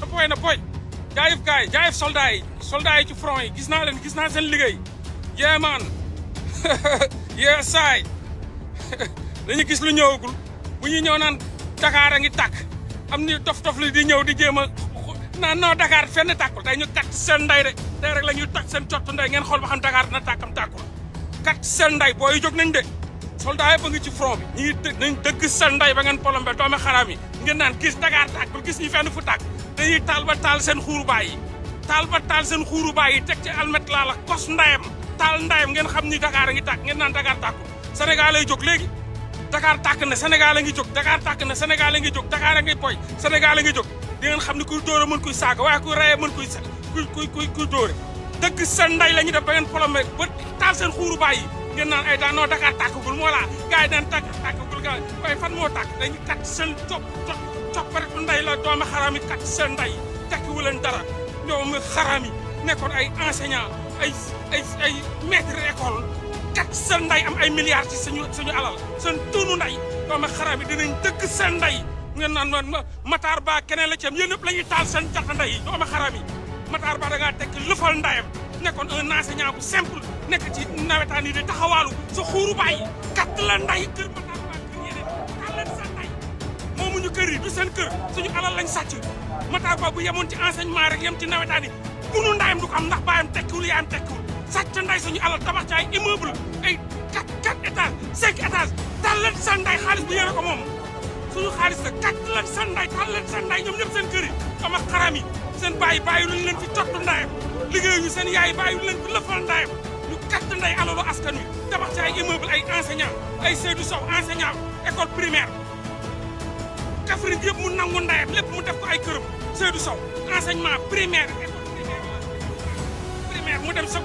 toppooy na booy jaayëf gars yi jaayëf soldats yi soldats yi ci front yi gis naa leen gis naa seen liggéey yee maan yee saay dañu gis lu ñëwagul bu ñuy ñëw naan Dakar a ngi tàkk am ni dof-dof li di ñëw di jéem a naan non Dakar fenn tàkkul tey ñu kat seen nday de tey rek la ñuy tàkk seen cottu nday ngeen xool ba xam Dakar dina tàkkam tàkkul kat seen nday booy jóg nañ de soldat yëpp a ngi ci front bi ñu ngi të dëgg sa nday ba ngeen polombe doomi xaraam yi ngeen naan gis Dakar tàkk bul gis ñu fenn fu tàkk dañuy taal ba taal seen xuuru baay yi taal ba taal seen xuuru baay yi teg ci almet laa la kos ndayam taal ndayam ngeen xam ni Dakar a ngi tàkk ngeen naan Dakar tàkku a lay jog léegi Dakar tàkk na senegal a ngi jog Dakar tak na senegal a ngi jóg Dakar a ngi poy Sénégal a ngi jóg di ngeen xam ni ku dóore mën kuy saaga waaye kuy rayee mën kuy kuy kuy kuy dóore dëgg la ñu def ba ngeen polombe seen xuuru ngeen naan ay eh, daa noo Dakar tàkkagul moo laa gars yi daan tàkk tàkkagul gars fan moo tàkk dañu kat seen chop chop copparit nday la doomu xaraam yi kat seen nday tekkiwu leen dara ñoom xaraam yi nekkoon ay enseignant ay ay ay maître école kat seen nday am ay milliards ci suñu suñu alal seen tunu nday doomu xaraam yi dinañ dëkk seen nday ngeen naan ma Matar Ba keneen la ci am yéen ñëpp la ñuy taal seen jata nday doomu xaraam yi Matar Ba da ngaa tekki lëfal ndayam eh, nekkoon un enseignant bu simple nekk ci nawetaan yi di taxawaalu sa xuuru bàyyi katt la nday kër Matar Ba kër yeneen katt leen sa nday moomuñu kër yi du seen kër suñu alal lañ sàcc Matar bu yemoon ci enseignement rek yem ci nawetaan yi bunu ndayam du ko am ndax baayam tekkiwul yaayam tekkiwul sàcc nday suñu alal tabax ci ay immeuble ay quatre quatre étages cinq étages tal leen xaalis bu yore ko moom suñu xaalis la katt leen sa nday tal leen ñoom seen kër yi am ak sàcc nday alalu askan wi tabax ci ay immeuble ay enseignant ay Seydou Sow enseignant école primaire Kaffrine yëpp mu nangu ndayam lépp mu def ko ay këram Seydou Sow enseignement primaire école primaire mu dem